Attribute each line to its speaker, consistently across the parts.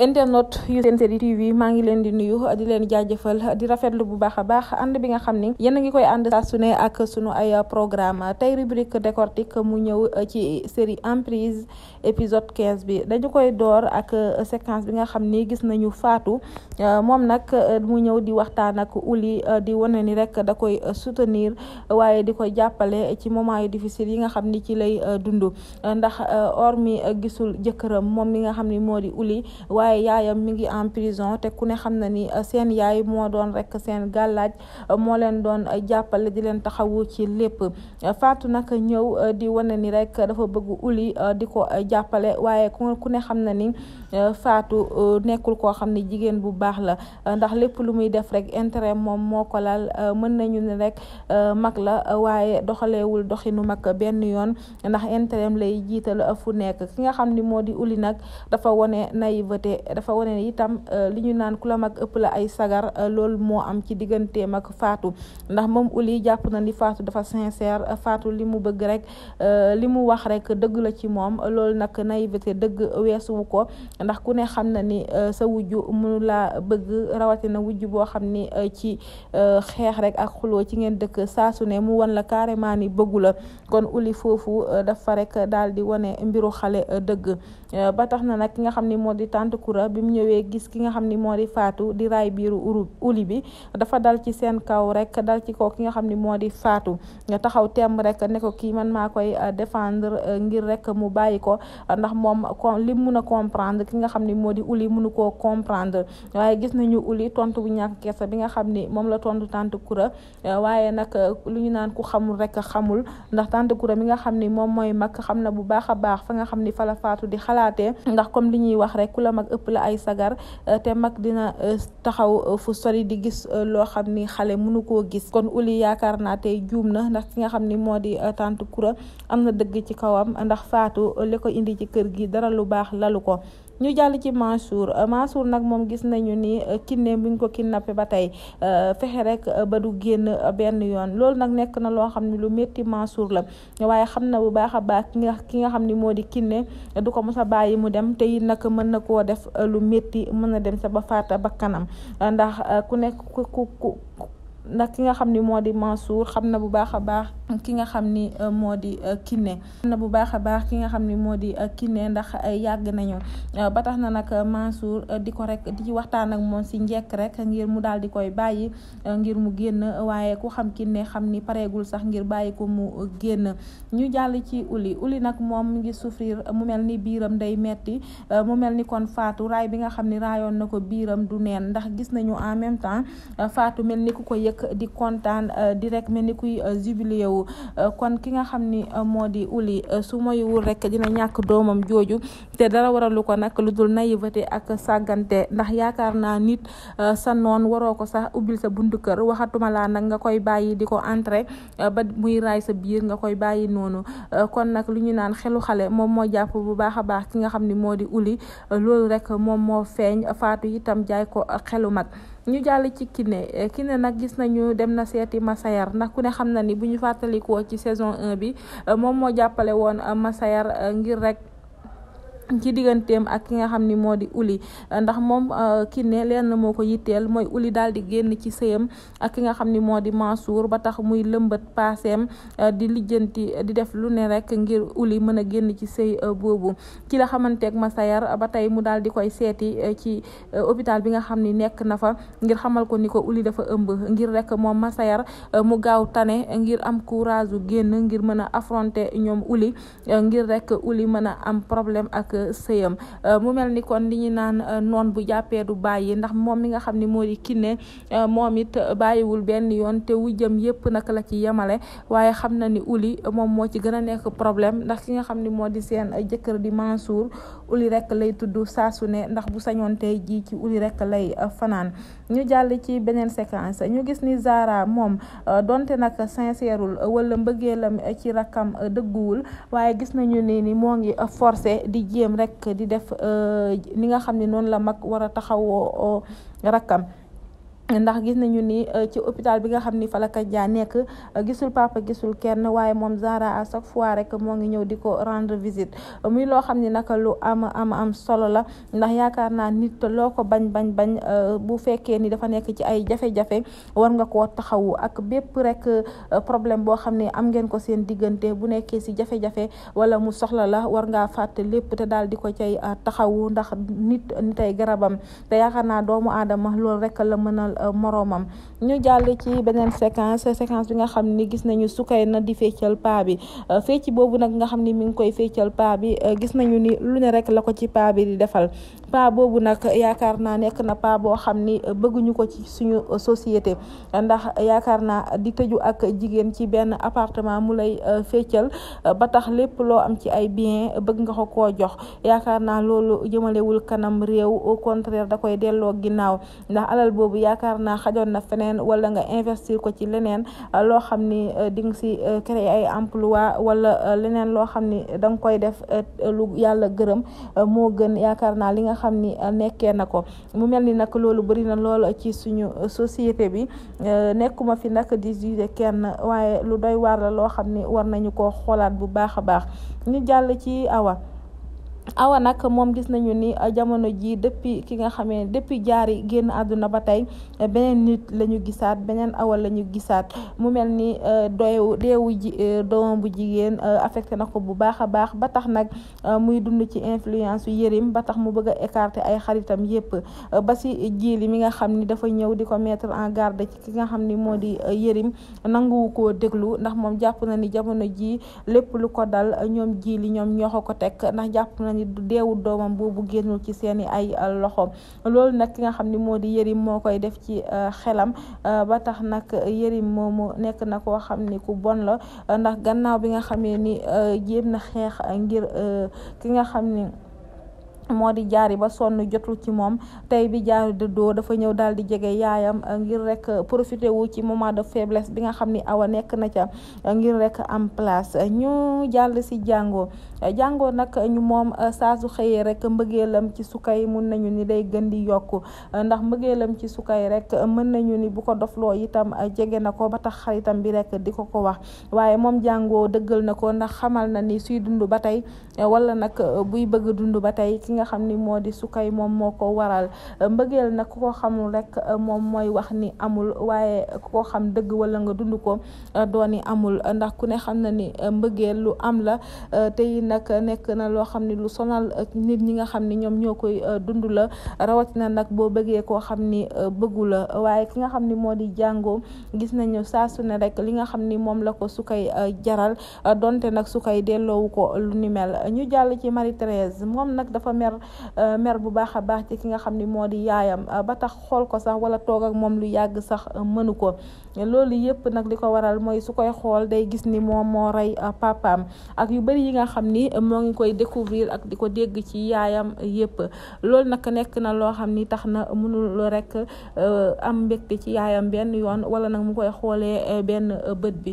Speaker 1: internet yu Sen Série TV maa ngi leen di nuyu di leen jaajëfal di rafetlu bu baax a baax ànd bi nga xam ni yéen a ngi koy ànd sune su ak sunu ay programme tey rubrique décortique mu ñëw euh, ci série Emprise épisode 15 bi dañu koy door ak euh, séquence bi nga xam ni gis nañu Fatou euh, moom nag mu ñëw di waxtaan ak Uli di wane ni rek da koy soutenir waaye di koy jàppale ci moment yu difficile yi nga xam ni ci lay dund ndax or mi gisul jëkkëram moom mi nga xam ni moo di Uli waaye yaayam mi ngi en prison te ku ne xam na ni uh, seen yaay moo doon rek seen gàllaaj uh, moo leen doon uh, jàppale di leen taxawu ci lépp Fatou nag ñëw di wane ni rek dafa bëgg uli di ko jàppale waaye ku ne xam na ni Fatou nekkul koo xam ni jigéen bu baax la ndax lépp lu muy def rek intérêt moom moo ko lal mën nañu ni rek mag la waaye doxalewul doxinu mag benn yoon ndax intérêt lay jiital fu nekk ki nga xam ni moo di uli nag dafa wone naïveté dafa wane ni itam euh, li ñu naan ku la mag ëpp la ay sagar euh, loolu moo am ci digganteem ak faatu ndax moom Uli jàpp na ni Fatou dafa sincère faatu li mu bëgg rek euh, li mu wax rek dëgg la ci moom loolu nag naïveté dëgg weesuwu ko ndax ku ne xam na ni sa wujju mënu laa bëgg rawatina wujju boo xam ni ci xeex rek ak xuloo ci ngeen dëkk saa su ne mu wan la carrément ni bëggula kon Uli foofu dafa rek daal di wane mbiru xale dëgg Euh, ba tax na nag ki nga xam ni moo di tante Koura bi mu ñëwee gis ki nga xam ni moo di faatu di raay biiru uru uli bi dafa dal ci seen kaw rek dal ci kaw ki nga xam ni moo di faatu nga taxaw temm rek ne ko kii man maa koy euh, défendre euh, ngir rek mu bàyyi ko ndax moom li mun a comprendre ki nga xam ni moo di uli munu koo comprendre waaye gis nañu uli tontu bu ñàkk kersa bi nga xam ni moom la tontu tante Koura waaye nag lu ñu naan ku xamul rek xamul ndax tante Koura mi nga xam ni moom mooy mag xam na bu baax a baax fa nga xam ni fa faatu di xalaat xalaatee ndax comme li ñuy wax rek ku la mag ëpp la ay sagar euh, te mag dina euh, taxaw euh, fu sori di gis loo xam ni xale mënu koo gis kon uli yaakaar naa te juum na ndax ki nga xam ni moo di tante Koura am na dëgg ci kawam ndax Fatou li ko indi ci kër gi dara lu baax lalu ko ñu jàll ci Mansour euh, Mansour nag moom gis nañu ni kinne bi ñu ko kidnappé ba tey euh, fexe rek euh, ba du génn benn yoon loolu nag nekk na loo xam ne lu métti Mansour la waaye xam na bu baax a baax ki nga ki nga xam ni moo di kinne du ko mos a bàyyi mu dem te it nag mën na koo def lu métti mën na dem sa ba faata bakkanam ndax ku nekk ku ku. ndax ki nga xam ni moo di Mansour xam na bu baax a baax ki nga xam ni euh, moo di euh, Kiné na bu baax a baax ki nga xam ni moo di euh, Kiné ndax yàgg nañu ba tax na nag Mansour di ko rek di ci waxtaan ak moom si njekk rek ngir mu daal di koy bàyyi ngir mu génn waaye ku xam Kiné xam ni pareegul sax ngir bàyyi ko mu génn ñu jàll ci uli uli nag moom mu ngi souffrir mu mel ni biiram day metti mu mel ni kon faatu raay bi nga xam ni raayoon na ko biiram du neen ndax gis nañu en même temps Fatou mel ni ku ko yëg di kontaan euh, di rek mel ni kuy euh, jubilé wu euh, kon ki nga xam ni moo di uli su moywul rek dina ñàkk doomam jooju te dara waralu ko nag lu dul naïveté ak sàggante ndax yaakaar naa nit sa noon waroo ko sax ubbil sa buntu kër waxatuma laa nag nga koy bàyyi di ko entré ba muy raay sa biir nga koy bàyyi noonu kon nag lu ñu naan xelu xale moom moo jàpp bu baax a baax ki nga xam ni moo di uli loolu rek moom moo feeñ faatu itam jaay ko xelu mag ñu jàll ci Kiné Kiné nag gis nañu dem na seeti Masayar ndax ku ne xam na ni bu ñu fàttalikoo ci saison bi moom moo jàppale woon Masayar ngir rek ci digganteem ak ki nga xam ni moo di uli ndax moom euh, Kiné lenn moo ko yitteel mooy uli daal di génn ci sëyam ak ki nga xam ni moo di Mansour ba tax muy lëmbat paaseem euh, di lijjanti di def lu ne rek ngir uli mën a génn ci sëy euh, boobu ci la xamanteeg Masayar ba tey mu daal di koy seeti ci hôpital bi nga xam ni nekk na fa ngir xamal ko ni ko uli dafa ëmb ngir rek moom Masayar mu gaaw tane ngir am courage u génn ngir mën a affronter ñoom uli ngir rek uli mën sëyam euh, mu mel ni kon li ñu naan euh, noon bu jàppee du bàyyi ndax moom mi nga xam ni moo di Kiné euh, moom it bàyyiwul benn yoon te wu jëm yëpp nag la ci yemale waaye xam na ni uli moom moo ci gën a nekk problème ndax ki nga xam ni moo di seen jëkkër di Mansour uli rek lay tudd saa su ne ndax bu sañoon tey jii ci uli rek lay fanaan ñu jàll ci beneen séquence ñu gis ni Zara moom donte nag sincèreul wala mbëggeelam ci rakkam dëgguwul waaye gis nañu jëm rek di def ni euh, nga xam ne noonu la mag war a taxawoo euh, ndax gis nañu ni euh, ci hôpital bi nga xam ni Falaka Dia nekk euh, gisul papa gisul kenn waaye moom Zahra à chaque fois rek moo ngi ñëw di ko rendre visite muy loo xam ni naka lu am am am solo la ndax yaakaar naa nit loo ko bañ bañ bañ euh, bu fekkee ni dafa nekk ci ay jafe-jafe war nga koo taxawu ak bépp rek problème boo xam ne am ngeen ko seen diggante bu nekkee si jafe-jafe wala mu soxla la war ngaa fàtte lépp te daal di ko cay taxawu ndax nit nitay garabam te yaakaar doomu aadama Euh, moroomam ñu jàll ci beneen séquence séquence bi nga xam ni gis nañu na di feccal paa bi euh, fecc boobu nag nga xam ni mi ngi koy feccal paa bi euh, gis nañu ni lu ne rek la ko ci paa bi di defal paa boobu nag yaakaar naa nekk na paa boo xam ni bëgguñu ko ci suñu société ndax yaakaar naa di tëju ak jigéen ci benn appartement mu lay feccal ba tax lépp loo am ci ay bien bëgg nga ko koo jox yaakaar naa loolu jëmalewul kanam réew au contraire da koy delloo ginnaaw yaakaar naa xajoon na feneen wala nga investir ko ci leneen euh, loo xam ni euh, di nga si euh, créer ay emploi wala leneen loo xam ni da nga koy def lu yàlla gërëm moo gën yaakaar naa li nga xam ni nekkee na ko mu mel ni nag loolu bëri na lool ci suñu société bi nekkuma fi nag di juge kenn waaye lu doy waar la loo xam ni war nañu ko xoolaat bu baax a baax ñu jàll ci awa awa nag moom gis nañu ni euh, jamono ji depuis ki nga xamee jaar yi génn àdduna ba tey euh, beneen nit la ñu gisaat beneen awa la ñu gisaat mu mel ni euh, doyewu deewu ji doom bu jigéen affecté na ko bu baax a baax ba tax nag muy dund ci influence yu yërim ba tax mu bëgg a ay xaritam yépp ba si jiili mi nga xam ni dafa ñëw di ko mettre en garde ci ki nga xam ni moo di yërim nanguwu ko déglu ndax moom jàpp na ni jamono ji lépp lu ko dal ñoom jiili ñoom ñoo ko ko ni deewul doomam boobu génnul ci seeni ay uh, loxoom loolu nag ki nga xam ni moo di yërim moo koy def ci uh, xelam uh, ba tax nag yërim moomu nekk na koo xam ni ku bon la ndax gannaaw bi nga xamee ni jéem na xeex ngir ki nga xam ni moo di jaari ba sonn jotul ci moom tey bi jaari dëddoo dafa ñëw daal di jege yaayam ngir rek profité wu ci moment de faiblesse bi nga xam ni awa nekk na ca ngir rek am place ñu jàll si jàngoo jàngoo nag ñu moom euh, saa su xëyee rek mbëggeelam ci sukay mun nañu ni day gën di yokku euh, ndax mbëggeelam ci sukay rek mën nañu ni bu ko dofloo itam euh, jege na ko ba tax xaritam bi rek di ko ko wax waaye moom jàngoo dëggal na ko ndax xamal na ni suy dund ba tey wala nag buy bëgg dund ba tey ki nga xam ni moo di sukay moom moo ko waral mbëggeel nag ku ko xamul rek moom mooy wax ni amul waaye ku ko xam dëgg wala nga dund ko dooni amul ndax ku ne xam na ni mbëggeel lu am la tey nag nekk na loo xam ne lu sonal euh, nit ñi nga xam ni ñoom ñoo koy euh, dund la rawatina nag boo bëggee koo xam ni euh, bëggu la waaye ki nga xam ni moo di jàngoo gis nañu saa su ne rek li nga xam ni moom la ko su koy jaral donte nag su koy delloowu ko lu ni mel ñu jàll ci Marie Thérèse moom nag dafa mer mer bu baax a baax ci ki nga xam ni moo di yaayam ba tax xool ko sax wala toog ak moom lu yàgg sax mënu ko loolu yëpp nag li ko waral mooy su koy xool day gis ni moom moo rey papaam ak yu bari yi nga xam ni ni moo ngi koy découvrir ak di ko dégg ci yaayam yëpp loolu nag nekk na loo xam ni tax na mënul rek euh, am mbégte ci yaayam benn yoon wala nag mu koy xoolee euh, benn euh, bët bi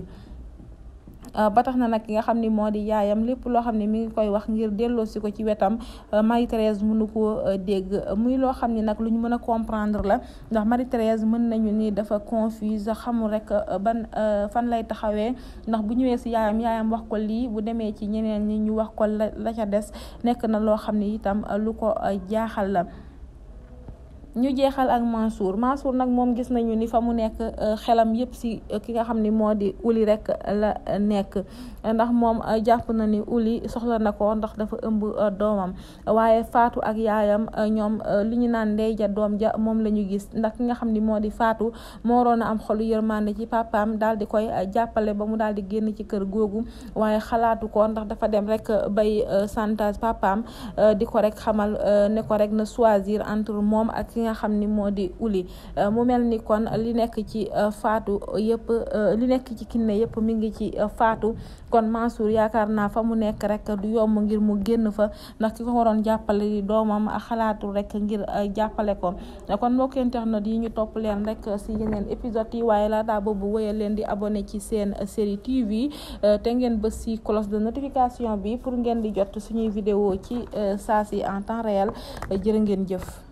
Speaker 1: Euh, ba tax na nag ki nga xam ni moo di yaayam lépp loo xam ne mu ngi koy wax ngir delloo si ko ci wetam euh, Marie Thérèse mënu koo euh, dégg muy loo xam ni nag lu ñu mën a comprendre la ndax Marie mën nañu nii dafa confuse xamul rek ban fan lay taxawee ndax bu ñëwee si yaayam yaayam wax ko lii bu demee ci ñeneen ñi ñu wax ko la la ca des nekk na loo xam ne itam lu ko jaaxal la ñu jeexal ak Mansour Mansour nag moom gis nañu ni fa mu nekk euh, xelam yëpp si euh, ki nga xam ni moo di uli rek la euh, nekk ndax moom jàpp na ni uli soxla na ko ndax dafa ëmb doomam waaye faatu ak yaayam ñoom li ñu naan ndey doom ja moom la ñu gis ndax ki nga xam ni moo di faatu moo roon a am xolu yërmande ci pàppam daal di koy jàppale ba mu daal di génn ci kër googu waaye xalaatu ko ndax dafa dem rek bay chantage papaam di ko rek xamal ne ko rek na choisir entre moom ak nga xam ni moo di uli euh, mu mel ni kon li nekk ci euh, faatu euh, yëpp li nekk ci kinne yëpp mi ngi ci faatu kon Mansour yaakaar naa fa mu nekk rek du yomb ngir mu génn fa ndax ki ko waroon jàppale di doomam xalaatu rek ngir jàppale ko kon mbokk internet yi ñu topp leen rek si yeneen épisode yi waaye laa daa boobu wëyal leen di abonné ci seen série TV te ngeen bës si cloche de notification bi pour ngeen di jot suñuy vidéo ci saa si en temps réel jërë jëf